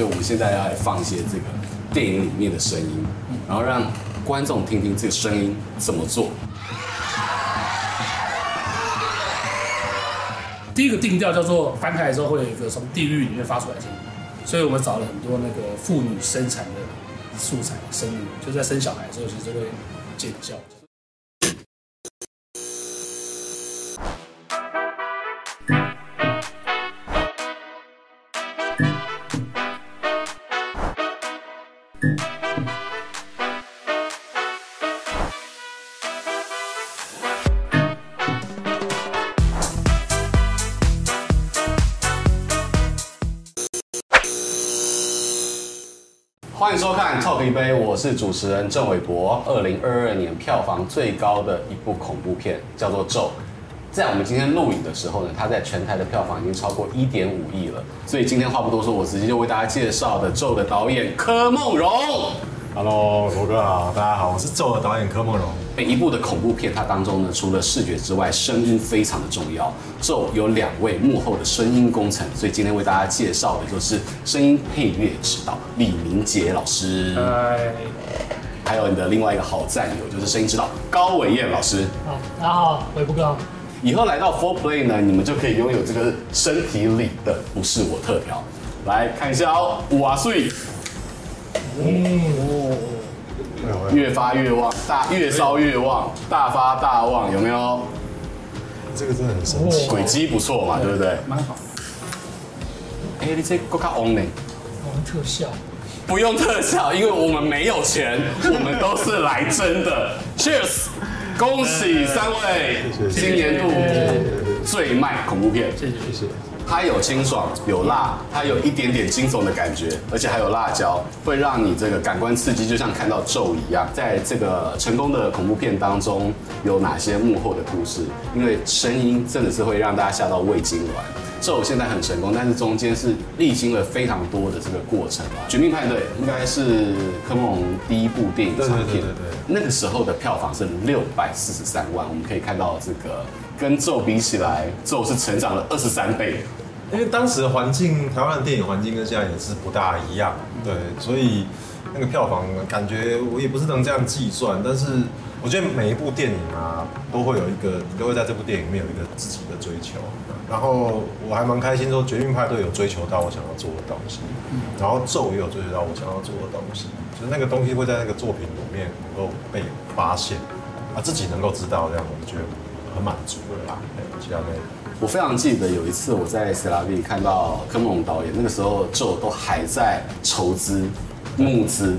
所以我們現在要來放一些這個電影裡面的聲音，然後讓觀眾聽聽這個聲音怎麼做。第一個定調叫做翻開的時候會有一個從地獄裡面發出來的聲音，所以我們找了很多那個婦女生產的素材聲音，就是在生小孩的時候其實會尖叫。歡迎收看《Talk 一杯》，我是主持人鄭偉柏。二零二二年票房最高的一部恐怖片叫做《咒》，在我們今天錄影的時候呢，它在全台的票房已經超過一點五億了。所以今天話不多說，我直接就為大家介紹的《咒》的導演柯孟融。哈嘍，羅哥好，大家好，我是咒的導演柯孟融。每一部的恐怖片，它當中呢，除了視覺之外，聲音非常的重要。咒有兩位幕後的聲音工程，所以今天為大家介紹的就是聲音配樂指導李銘杰老師，哎，Hi. 還有你的另外一個好戰友，就是聲音指導高偉晏老師。好，oh, 大家好，偉柏哥。以後來到 Four Play 呢，你們就可以擁有這個身體裡的不是我特調，來看一下哦，哇塞。嗯、oh. 越發越旺，大越燒越旺，大發大旺，有沒有？這個真的很神奇。哦，詭計不錯嘛，對，對不對？蠻好的。哎、欸，你這夠卡嗡嘞！我們特效，不用特效，因為我們沒有錢，我們都是來真的。 Cheers！恭喜三位，謝謝謝謝，今年度最賣恐怖片。謝謝，謝謝。謝謝它有清爽，有辣，它有一點點驚悚的感覺，而且還有辣椒，會讓你這個感官刺激就像看到咒一樣。在這個成功的恐怖片當中，有哪些幕後的故事？因為聲音真的是會讓大家嚇到胃痙攣。咒現在很成功，但是中間是歷經了非常多的這個過程啊。《絕命派對》應該是柯孟融第一部電影長片，對對對，對，對，對。那個時候的票房是六百四十三萬，我們可以看到這個跟咒比起來，咒是成長了二十三倍。因為當時的環境，台灣的電影環境跟現在也是不大一樣，對，所以那個票房感覺我也不是能這樣計算，但是我覺得每一部電影啊，都會有一個，都會在這部電影裡面有一個自己的追求，啊、然後我還蠻開心說《絕命派對》有追求到我想要做的東西，然後《咒》也有追求到我想要做的東西，就是那個東西會在那個作品裡面能夠被發現，啊，自己能夠知道這樣，我覺得。很滿足了吧？對，我非常記得有一次我在斯拉 b 看到柯孟融導演，那個時候就都還在籌資、募資，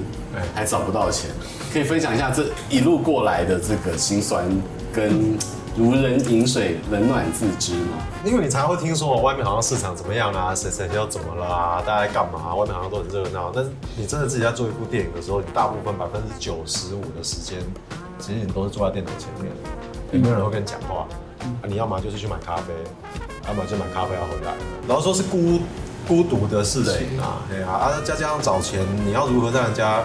還找不到錢。可以分享一下這一路過來的這個辛酸，跟如人飲水，冷暖自知嗎？因為你才會聽說外面好像市場怎麼樣啊，誰誰要怎麼啦、啊，大家在幹嘛、啊？外面好像都很熱鬧，但是你真的自己在做一部電影的時候，你大部分百分之九十五的時間，其實你都是坐在電腦前面。有沒有人會跟你講話？啊，你要嘛就是去買咖啡，要、啊、嘛就買咖啡要回來。然後說是孤孤獨的事情是啊，對啊，啊再加上早前，你要如何讓人家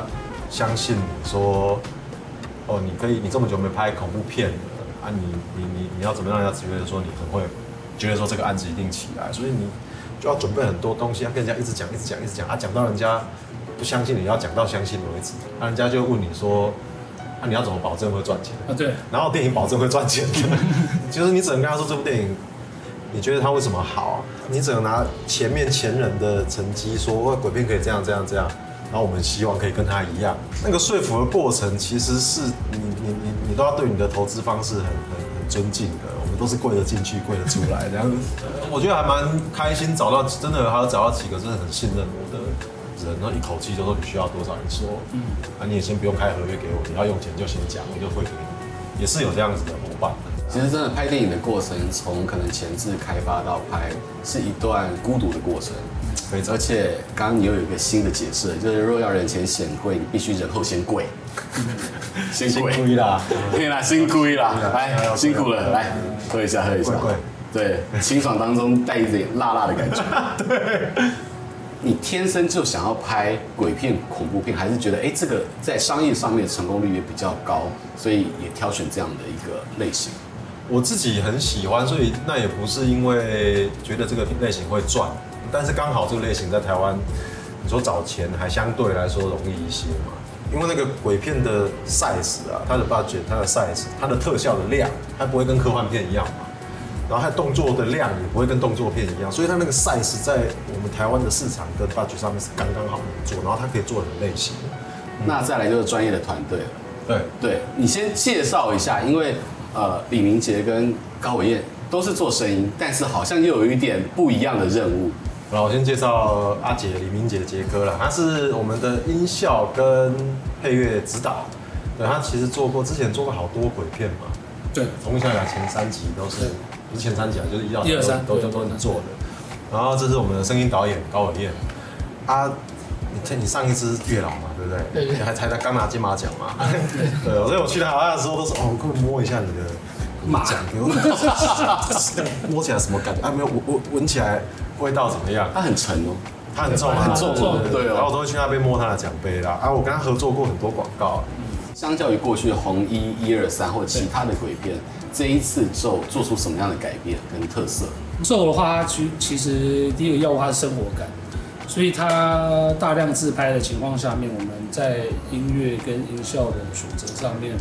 相信你？說，哦，你可以，你這麼久沒拍恐怖片了啊你，你你你你要怎麼讓人家覺得說你很會，覺得說這個案子一定起來？所以你就要準備很多東西，要、啊、跟人家一直講，一直講，一直講，啊講到人家不相信，你要講到相信為止。啊、人家就問你說。你要怎麼保證會賺錢？啊，對。然後電影保證會賺錢的，就是你只能跟他說，這部電影，你覺得它為什麼好？你只能拿前面前人的成績說，鬼片可以這樣這樣這樣，然後我們希望可以跟他一樣。那個說服的過程其實是你你你你都要對你的投資方式很很很尊敬的，我們都是跪着進去跪着出來這樣子。我覺得還蠻開心找到真的，還有找到幾個真的很信任的。然後一口氣就說，你需要多少人，說，啊，你也先不用開合約給我，你要用錢就先講，我就會給你，也是有這樣子的模板。其實真的拍電影的過程，從可能前置開發到拍，是一段孤獨的過程。對，而且剛剛你又有一個新的解釋，就是若要人前顯貴，你必須人後先跪。辛苦了，天啦唉，辛苦辛苦了，來喝一下，喝一下，乖乖對，清爽當中帶一點辣辣的感覺。 對。你天生就想要拍鬼片、恐怖片，還是覺得哎，這個在商業上面成功率也比較高，所以也挑選這樣的一個類型。我自己很喜歡，所以那也不是因為覺得這個類型會賺，但是剛好這個類型在台灣，你說找錢還相對來說容易一些嘛？因為那個鬼片的 size 啊，它的 budget、它的 size、它的特效的量，它不會跟科幻片一樣嘛。然後它動作的量也不會跟動作片一樣，所以它那個 size 在我們台灣的市場跟 budget 上面是剛剛好能做。然後它可以做人類型。嗯、那再來就是專業的團隊了。對，對，你先介紹一下，因為呃，李銘杰跟高偉晏都是做聲音，但是好像又有一點不一樣的任務。然後我先介紹阿杰李銘杰的杰哥啦，他是我們的音效跟配樂指導。對，他其實做過之前做過好多鬼片嘛。對，《一小牙》前三集都是。前三甲就是一二三都 2都對都能對做的，然後這是我們的聲音導演高偉晏啊，啊，你你上一次月老嘛，對不對？你還才剛拿金馬獎嘛，對，所以我去他,他的時候都說，哦、喔，給我快摸一下你的馬獎，我摸起來什麼感覺？啊，沒有，聞聞起來味道怎麼樣、啊？它很沉哦，它很重，很重,重，對,對。然後我都會去那邊摸他的獎杯啦。啊，我跟他合作過很多廣告、欸，相較於過去的紅衣一二三，或其他的鬼片。這一次咒做，做出什麼樣的改變跟特色？咒的話，其其實第一個要畫是生活感，所以它大量自拍的情況下面，我們在音樂跟音效的選擇上面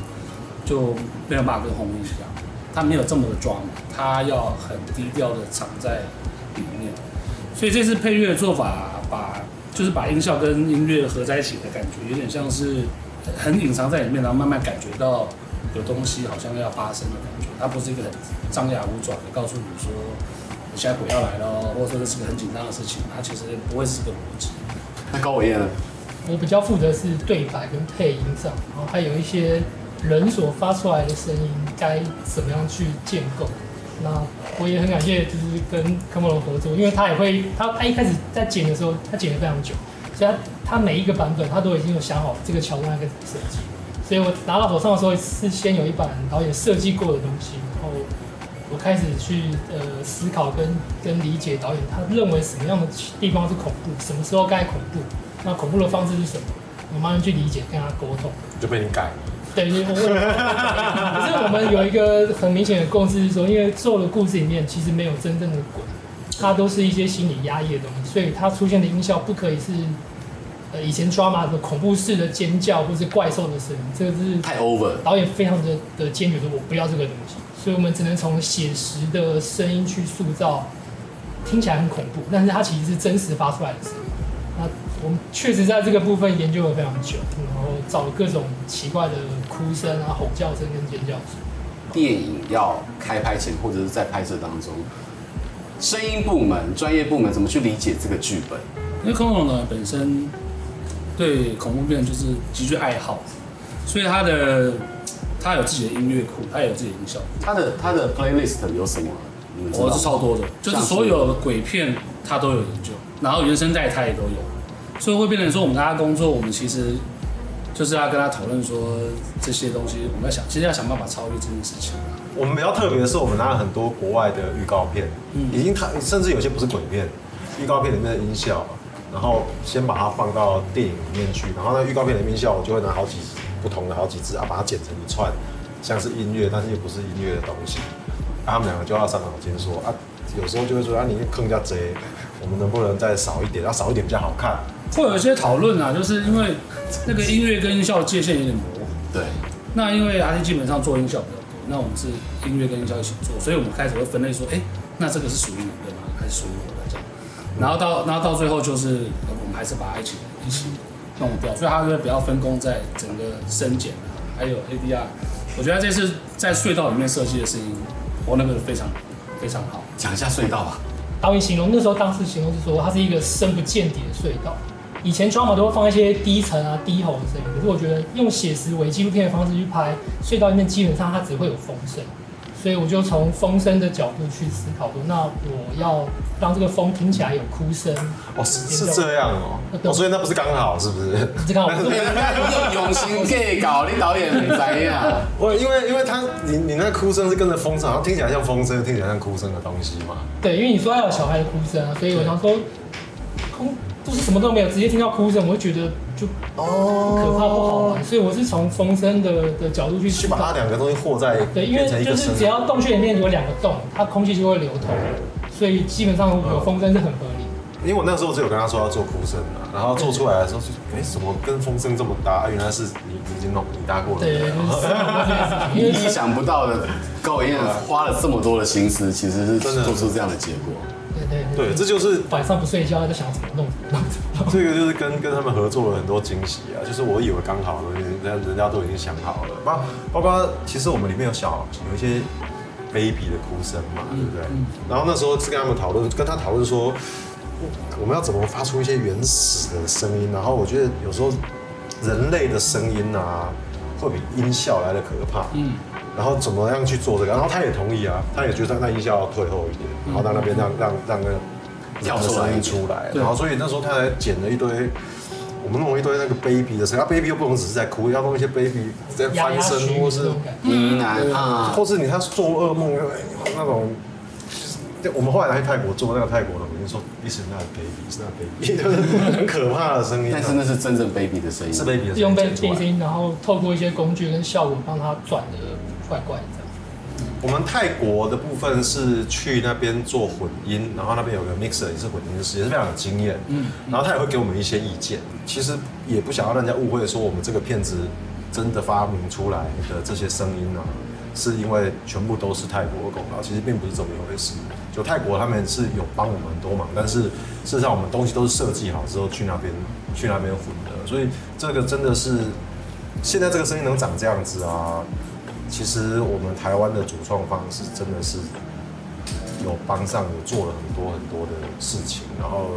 就沒有辦法跟紅衣一樣，它沒有這麼的裝，它要很低調的藏在裡面。所以這次配樂的做法把，把就是把音效跟音樂合在一起的感覺，有點像是很隱藏在裡面，然後慢慢感覺到。有東西好像要發生的感覺，它不是一個很張牙舞爪的告訴你說你現在鬼要來了，或者說這是個很緊張的事情，它其實也不會是個邏輯。那高偉晏呢？我比較負責是對白跟配音上，然後還有一些人所發出來的聲音該怎麼樣去建構。那我也很感謝，就是跟柯孟融合作，因為他也會，他他一開始在剪的時候，他剪得非常久，所以他每一個版本他都已經有想好這個橋段該怎麼設計。所以我拿到手上的時候是先有一版導演設計過的東西，然後我開始去呃思考跟跟理解導演，他認為什麼樣的地方是恐怖，什麼時候該恐怖，那恐怖的方式是什麼？我慢慢去理解，跟他溝通。就被你改了。對，我問。 可是我們有一個很明顯的共識是說，因為咒的故事裡面其實沒有真正的鬼，它都是一些心理壓抑的東西，所以它出現的音效不可以是。以前 drama 的恐怖式的尖叫，或是怪獸的聲音，這個是太 over。導演非常的的堅決說，我不要這個東西，所以我們只能從寫實的聲音去塑造，聽起來很恐怖，但是它其實是真實發出來的聲音。那我們確實在這個部分研究了非常久，然後找了各種奇怪的哭聲啊、吼叫聲跟尖叫聲。電影要開拍前或者是在拍攝當中，聲音部門專業部門怎麼去理解這個劇本？因為空龍呢本身。對恐怖片就是極具愛好，所以他的他有自己的音樂庫，他、嗯、有自己的音效。他的他的 playlist 有什麼？我、嗯、是超多的，就是所有的鬼片他都有研究，然後原聲帶他也都有，所以會變成說，我們大家工作，我們其實就是要跟他討論說這些東西，我們要想，其實要想辦法超越這件事情、啊、我們比較特別的是，我們拿了很多國外的預告片，嗯、已經他甚至有些不是鬼片預、嗯、告片裡面的音效。然後先把它放到電影裡面去，然後那預告片的音效，我就會拿好幾不同的好幾支啊，把它剪成一串，像是音樂，但是又不是音樂的東西。啊、他們兩個就要傷腦筋說啊，有時候就會說啊，你更加賊，我們能不能再少一點？要、啊、少一點比較好看。會有一些討論啊，就是因為那個音樂跟音效界限有點模糊。對。那因為阿弟基本上做音效比較多，那我們是音樂跟音效一起做，所以我們開始會分類說，哎，那這個是屬於你的嗎？還是屬於？然後到，然後到最後就是我們還是把一起一起弄掉，所以它會比較分工在整個聲景、啊、還有 ADR。我覺得這次在隧道裡面設計的聲音，我那個非常非常好。講一下隧道吧。導演形容那時候，當時形容是說，它是一個深不見底的隧道。以前 drama 都會放一些低沉啊、低吼的聲音，可是我覺得用寫實偽紀錄片的方式去拍隧道裡面，基本上它只會有風聲。所以我就從風聲的角度去思考，那我要讓這個風聽起來有哭聲哦，是是這樣哦、那個、哦，所以那不是剛好是不是？這剛好，永永興 gay 搞 你導演很專呀。我因為因為他你你那哭聲是跟着風聲，然後聽起來像風聲，聽起來像哭聲的東西嘛。對，因為你說要有小孩的哭聲、啊、所以我想說，空對、嗯、就是什麼都沒有，直接聽到哭聲，我會覺得。就哦，可怕不好玩，oh. 所以我是從風聲的的角度去去把它兩個東西合在、啊、對，因為就是只要洞穴裡面有兩個洞，它空氣就會流通，mm. 所以基本上有風聲是很合理的、嗯。因為我那時候只有跟他說要做哭聲嘛、啊，然後做出來的時候就，哎，怎、欸、麼跟風聲這麼搭？原來是你已經弄你搭過了。對，對，對，因為你意想不到的高偉晏花了這麼多的心思，嗯、其實是真的做出這樣的結果。對，對對對，對這就是晚上不睡覺在想怎麼弄麼。這個就是跟跟他們合作了很多驚喜啊，就是我以為剛好人，人人家都已經想好了，包包括其實我們裡面有小有一些 baby 的哭聲嘛，對不對？嗯嗯、然後那時候是跟他們討論，跟他討論說，我們要怎麼發出一些原始的聲音，然後我覺得有時候人類的聲音啊，會比音效來得可怕，嗯，然後怎麼樣去做這個，然後他也同意啊，他也覺得那音效要退後一點，然後在那邊讓讓讓讓。讓個調出來一出來，然後所以那時候他還剪了一堆，我們弄了一堆那個 baby 的聲音，baby 又不能只是在哭，要弄一些 baby 在翻身或是喃喃，或是你他做噩夢那種。我們後來來泰國做那個泰國的，我們就說，你是那 baby，是那 baby，很可怕的聲音，但是那是真正 baby 的聲音，是 baby 的聲音，用 baby 聲音，然後透過一些工具跟效果幫他轉的怪怪的。我們泰國的部分是去那邊做混音，然後那邊有個 mixer 也是混音師，也是非常有經驗。嗯，然後他也會給我們一些意見。其實也不想要讓人家誤會說我們這個片子真的發明出來的這些聲音呢、啊，是因為全部都是泰國功勞，其實並不是這麼一回事。就泰國他們是有幫我們很多忙，但是事實上我們東西都是設計好之後去那邊去那邊混的，所以這個真的是現在這個聲音能長這樣子啊。其實我們台灣的主創方式真的是有幫上有做了很多很多的事情，然後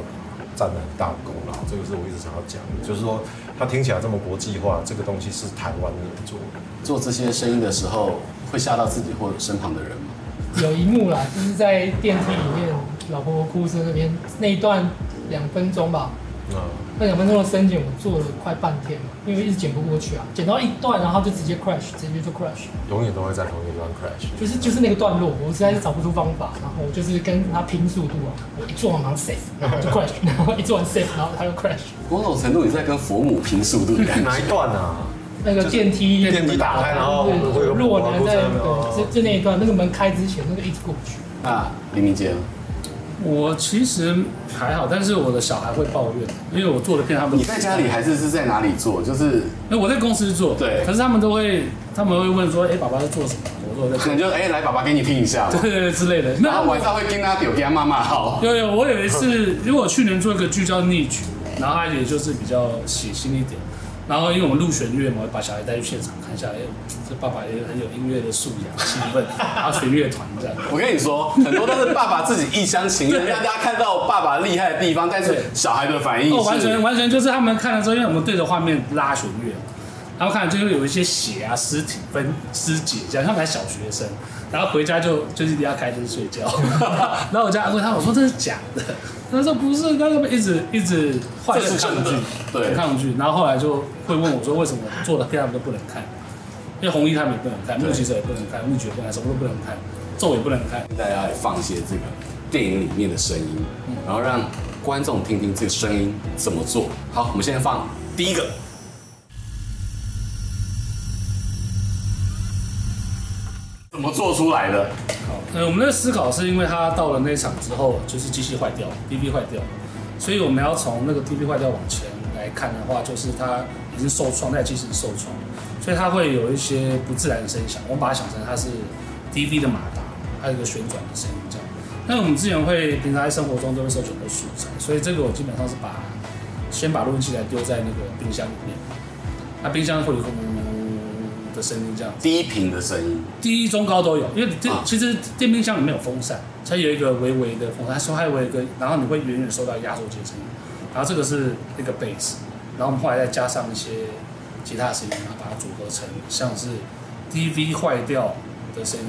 占了很大的功勞。這個是我一直想要講的，就是說他聽起來這麼國際化，這個東西是台灣人做。做這些聲音的時候，會嚇到自己或者身旁的人嗎？有一幕啦，就是在電梯裡面老婆婆哭聲那邊那一段兩分鐘吧。那那兩分鐘的刪減，我做了快半天，因為一直剪不過去啊，剪到一段，然後就直接 crash，直接就 crash，永遠都會在同一段 crash，就是就是那個段落，我實在是找不出方法，然後就是跟他拼速度啊，我一做完忙 save，然後就 crash，然後一做完 save，然後他就 crash，某種程度也在跟佛母拼速度。哪一段啊？那個電梯電梯打開，然後如果你在，就就那一段，那個門開之前那個一直過不去啊，黎明姐。我其實還好，但是我的小孩會抱怨，因為我做的片他們。你在家裡還是是在哪裡做？就是，那我在公司做。對。可是他們都會，他們會問說：“哎、欸，爸爸在做什麼？”我說：“在可能就哎、欸，來，爸爸給你聽一下。”對對對，之類的。那晚上會跟他表聽他媽媽好對對，我有一次，如果去年做一個劇叫《逆局》，然後他也就是比較血腥一點。然後因為我們錄弦樂嘛，把小孩帶去現場看一下，哎、欸，這爸爸也很有音樂的素養、氣氛，拉弦樂團這樣。我跟你說， 很多都是爸爸自己一廂情願， 讓大家看到爸爸厲害的地方，但是小孩的反應、哦，完全完全就是他們看了之後，因為我們對着畫面拉弦樂。然後看就會有一些血啊、屍體分屍體這樣，像他們還小學生，然後回家就就是一定要開燈睡覺。 然後我就安慰他， 我說這是假的。他說不是，剛剛一直一直壞事抗拒，很抗拒。然後後來就會問我說，為什麼做的電影都不能看？因為紅衣他們也不能看，對目擊者也不能看，目主角不能看，什麼都不能看，咒也不能看。大家來放一些這個電影裡面的聲音，然後讓觀眾聽聽這個聲音怎麼做好。我們現在放第一個。怎麼做出來的？好，對，我們的思考是因為它到了那場之後，就是機器壞掉 DV 壞掉，所以我們要從那個 DV 壞掉往前來看的話，就是它已經受創，那機器受創，所以它會有一些不自然的聲響，我們把它想成它是 DV 的馬達，它有個旋轉的聲音，這樣。那我們之前會平常在生活中都會收集的素材，所以這個我基本上是把先把錄音器材丟在那個冰箱裡面，那冰箱會有空。聲音這樣，低頻的聲音，低中高都有，因為這其實電冰箱裡面有風扇，才有一個微微的風扇，它說還有個，然後你會遠遠收到壓縮機的聲音，然後這個是一個 base，然後我們後來再加上一些其他的聲音，然後把它組合成像是 DV 壞掉的聲音，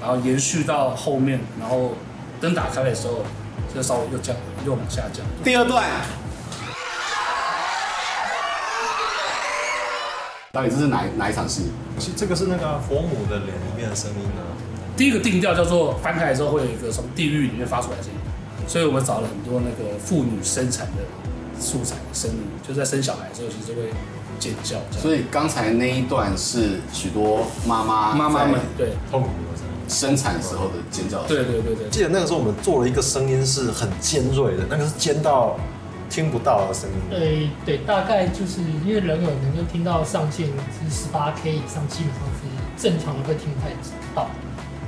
然後延續到後面，然後燈打開的時候，就稍微又降，又往下降，第二段啊。到底這是哪哪一場戲？其實這個是那個佛母的臉裡面的聲音呢。第一個定調叫做翻開來之後會有一個從地獄裡面發出來的聲音，所以我們找了很多那個婦女生產的素材聲音，就在生小孩的時候其實會尖叫。所以剛才那一段是許多媽媽媽媽們對痛苦的聲音，生產的時候的尖叫。對對對對，記得那個時候我們做了一個聲音是很尖銳的，那個是尖到，聽不到的聲音。對對，大概就是因為人耳能夠聽到上限是十八 K 以上，基本上是正常的會聽不太到。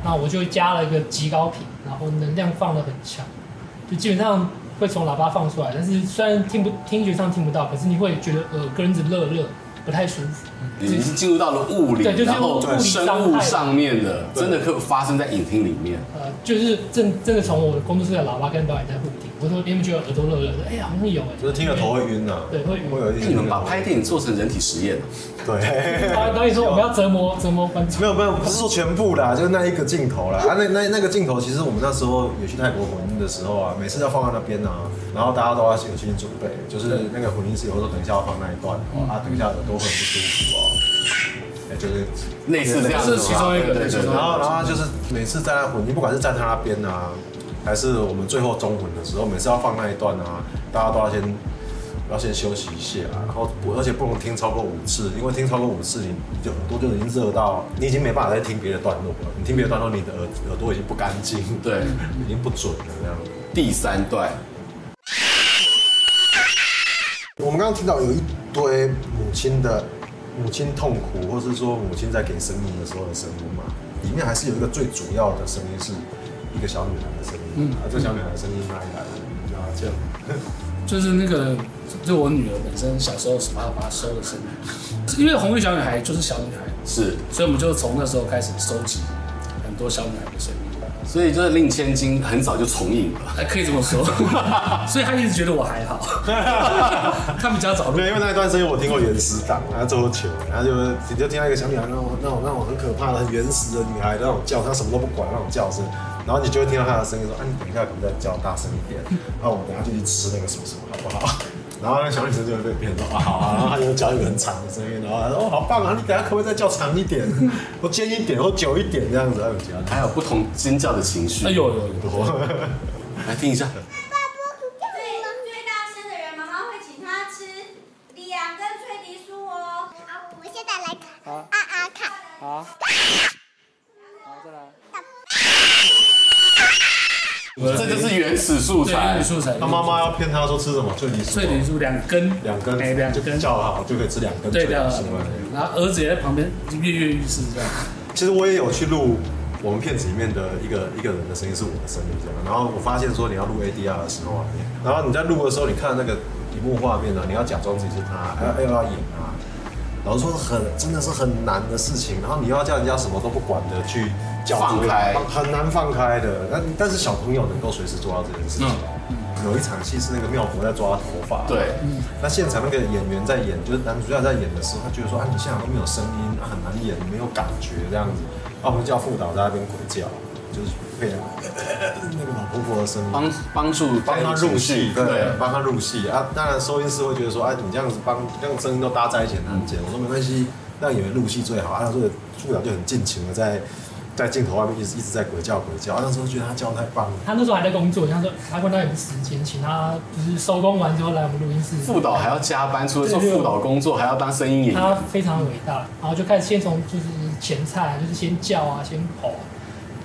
那我就加了一個極高頻，然後能量放得很強，就基本上會從喇叭放出來。但是雖然聽不聽覺上聽不到，可是你會覺得耳根子熱熱。不太舒服，嗯、已經是進入到了物理，就是、然後生物上面的，真的可，可以發生在影廳裡面。呃、就是真真的從我工作室的喇叭跟導演在互聽，我說，你們覺得耳朵熱熱，的哎呀好像有、欸，就是聽了頭會暈呢、啊、為對，會暈。你們把拍電影做成人體實驗、啊。對、啊，等於是我們要折磨就折磨觀眾。沒有沒有，不是說全部啦，就是那一個鏡頭啦。啊，那那那個鏡頭，其實我們那時候有去泰國混音的時候啊，每次要放在那邊啊，然後大家都要有心理準備，就是那個混音師有時候等一下要放那一段哦，嗯、啊，等一下的都很不舒服哦、啊，哎、嗯欸，就是類似的。樣子。樣子是其中一個，對對對，然後然後就是每次在那混音，不管是站在他那邊啊，還是我們最後中混的時候，每次要放那一段啊，大家都要先。要先休息一下，然後我而且不能聽超過五次，因為聽超過五次，你就很就耳朵就已經熱到，你已經沒辦法再聽別的段落了。你聽別的段落，你的耳耳朵已經不乾淨，對，已經不準了。這樣。 第三段， 我們剛剛聽到有一堆母親的母親痛苦，或是說母親在給聲音的時候的聲音嘛，裡面還是有一個最主要的聲音，是一個小女孩的聲音。啊、嗯，這小女孩的聲音來啦，啊、嗯，這樣。 就是那個，就我女兒本身小時候，什麼把收的聲音，因為紅衣小女孩就是小女孩，是、嗯，所以我們就從那時候開始收集很多小女孩的聲音，所以就是令千金很早就重影了，還可以這麼說， 所以她一直覺得我還好，她 比較早沒有，因為那一段聲音我聽過原始檔， 然後足球，然後就你就聽到一個小女孩那種那種那種很可怕的、很原始的女孩那種叫，她什麼都不管那種叫聲。然後你就會聽到他的聲音說：“啊，你等一下，可不可以再叫大聲一點？後、啊、我們等一下就去吃那個什麼什麼，好不好？” 然後那小女生就會被騙到啊，好啊， 然後他又叫一個很長的聲音，然後說：“哦，好棒啊！你等一下可不可以再叫長一點？我 尖一點，或久一點這樣子來還，還有不同尖叫的情緒，哎呦呦， 來聽一下。素材，素材，他媽媽要騙他說吃什麼？翠竹，翠竹兩根，兩根，兩兩就根，就叫他就可以吃兩根對掉了什麼？然後兒子也在旁邊，躍躍欲試這樣。其實我也有去錄我們片子裡面的一個一個人的聲音是我的聲音這樣。然後我發現說你要錄 ADR 的時候，然後你在錄的時候，你看那個螢幕畫面呢、啊，你要假裝自己是他，還要還要演他。老實說很真的是很難的事情，然後你要叫人家什麼都不管的去放開，很難放開的。那但，但是小朋友能夠隨時做到這件事情。嗯嗯、有一場戲是那個妙國在抓他頭髮，對，嗯、那現場那個演員在演，就是男主角在演的時候，他覺得說啊，你現在都沒有聲音、啊，很難演，沒有感覺這樣子，哦、啊，就叫副導在那邊鬼叫，就是。對啊、那個老婆婆的聲音幫幫助幫他入戲，對，幫對他入戲啊。當然，收音師會覺得說：“哎、啊，你這樣子幫這樣聲音都搭在一起很難剪。嗯”我說沒關係，讓演員入戲最好。啊，他說副導就很盡情的在在鏡頭外面一直一直在鬼叫鬼叫。啊，那時候覺得他叫得太棒了。他那時候還在工作，他說他問他有沒有時間，請他就是收工完之後來我們錄音室。副導還要加班，除了做副導工作，還要當聲音演員，他非常偉大。嗯、然後就開始先從就是前菜，就是先叫啊，先跑、啊。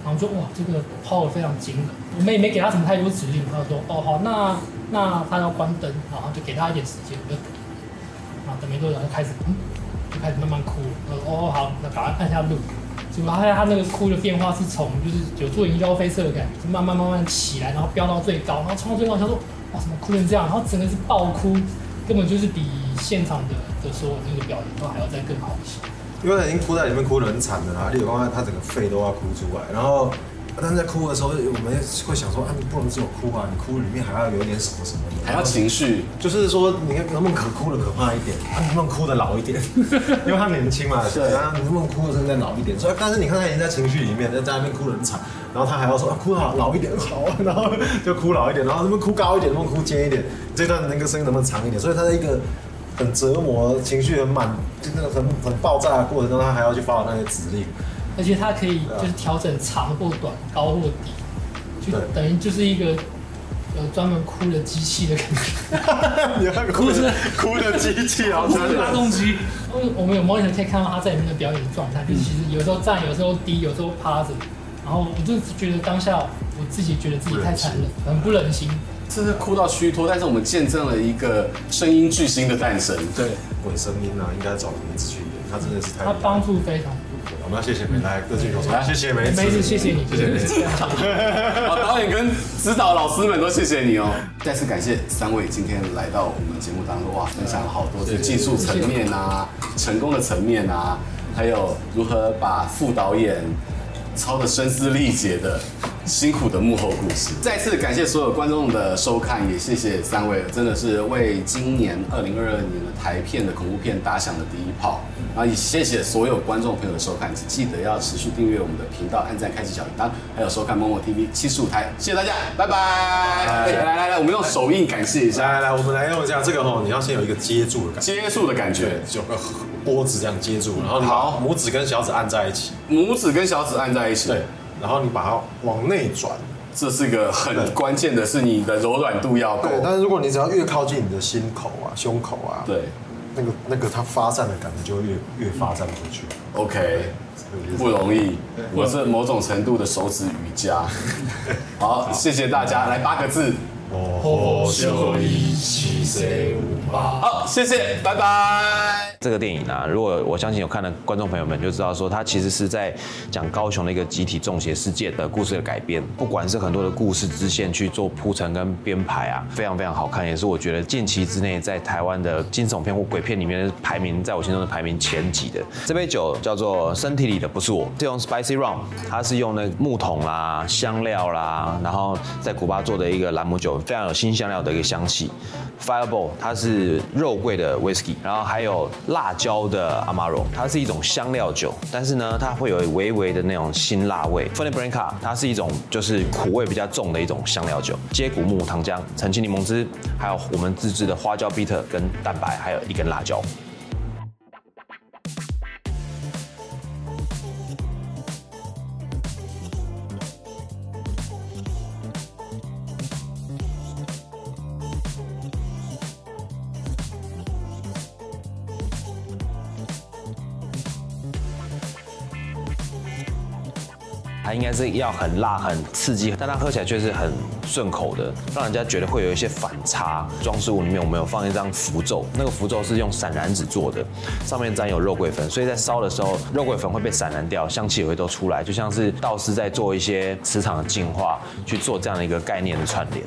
然後就哇，這個拋的非常精準。我們也沒給他什麼太多指令，他就說哦好，那那他要關燈，然後就給他一點時間，就等，等。然後等沒多久就開始、嗯，就開始慢慢哭了。他說哦好，那趕快按下錄。結果，他他那個哭的變化是從就是有做銀鮫飛色的感覺，就慢慢慢慢起來，然後飆到最高，然後衝到最高，他說哇怎麼哭成這樣，然後整個是爆哭，根本就是比現場的的時候那個表演都還要再更好一些。因為他已經哭在裡面哭得很慘了。啦，而且友光他整個肺都要哭出來。然後，但是在哭的時候，我們會想說，啊，你不能只有哭啊，你哭裡面還要有一點什麼什麼，還要情緒，就是說，啊、你能不能哭的可怕一點？能不能哭的老一點？因為他年輕嘛，對啊，能不能哭的真的老一點？所以，但是你看他已經在情緒裡面，在在那邊哭得很慘，然後他還要說、啊，哭得好老一點好，然後就哭老一點，然後能不能哭高一點，能不能哭尖一點？這段那個聲音能不能長一點？所以，他的一個。很折磨，情緒很滿，就那個很很爆炸的過程中，他還要去發那些指令，而且他可以就是調整長或短，啊、高或低，就等於就是一個有專門哭的機器的感覺，哭是哭的機 器啊，發 動機 我們有 monitor 可以看到他在裡面的表演狀態，嗯、就其實有時候站，有時候低，有時候趴着。然後我就覺得當下我自己覺得自己太殘忍，很不，不忍心。甚至哭到虛脫，但是我們見證了一個聲音巨星的誕生。對，鬼聲音啊，應該找梅子去演，他真的是太他幫助非常大。我們要謝謝梅奈，梅奈，各自對對對謝謝梅梅子，子，謝謝你，謝謝你。對對對好，導演跟指導老師們都謝謝你哦、喔。再 次感謝三位今天來到我們節目當中，哇，分享了好多就技術層面啊，成功的層面啊，還有如何把副導演。超的聲嘶力竭的辛苦的幕後故事，再次感謝所有觀眾的收看，也謝謝三位，真的是為今年二零二二年的台片的恐怖片打響了第一炮。然後也謝謝所有觀眾朋友的收看，記得要持續訂閱我們的頻道，按讚，開啟小鈴鐺，還有收看 MOMO TV 七十五台，謝謝大家，拜拜！Bye. 來，來來來，我們用手印感謝一下，來來，我們來用一下這個哦，你要先有一個接住的感接住的感覺。脖子這樣接住，然後好，拇指跟小指按在一起，拇指跟小指按在一起，對，然後你把它往內轉，這是一個很關鍵的，是你的柔軟度要夠。對，但是如果你只要越靠近你的心口啊、胸口啊，對，那個那個它發散的感覺就越越發散出去。OK，不容易，我是某種程度的手指瑜伽。好，謝謝大家，來八個字。哦哦、七五八好，謝謝，世拜拜。這個電影啊，如果我相信有看的觀眾朋友們就知道，說它其實是在講高雄的一個集體中邪事件的故事的改編。不管是很多的故事支線去做鋪陳跟編排啊，非常非常好看，也是我覺得近期之內在台灣的驚悚片或鬼片裡面排名，在我心中的排名前幾的。這杯酒叫做身體裡的不是我，是用 Spicy Rum，它是用那個木桶啦、香料啦，然後在古巴做的一個蘭姆酒。非常有新香料的一個香氣，Fireball，它是肉桂的 whisky，然後還有辣椒的 Amaro，它是一種香料酒，但是呢，它會有微微的那種辛辣味。Fernet Branca，它是一種就是苦味比較重的一種香料酒，接骨木糖漿、澄清檸檬汁，還有我們自製的花椒 bitter 跟蛋白，還有一根辣椒。應該是要很辣、很刺激，但它喝起來卻是很順口的，讓人家覺得會有一些反差。裝飾物裡面我們有放一張符咒，那個符咒是用閃燃紙做的，上面沾有肉桂粉，所以在燒的時候，肉桂粉會被閃燃掉，香氣也會都出來，就像是道士在做一些磁場的淨化，去做這樣的一個概念的串聯。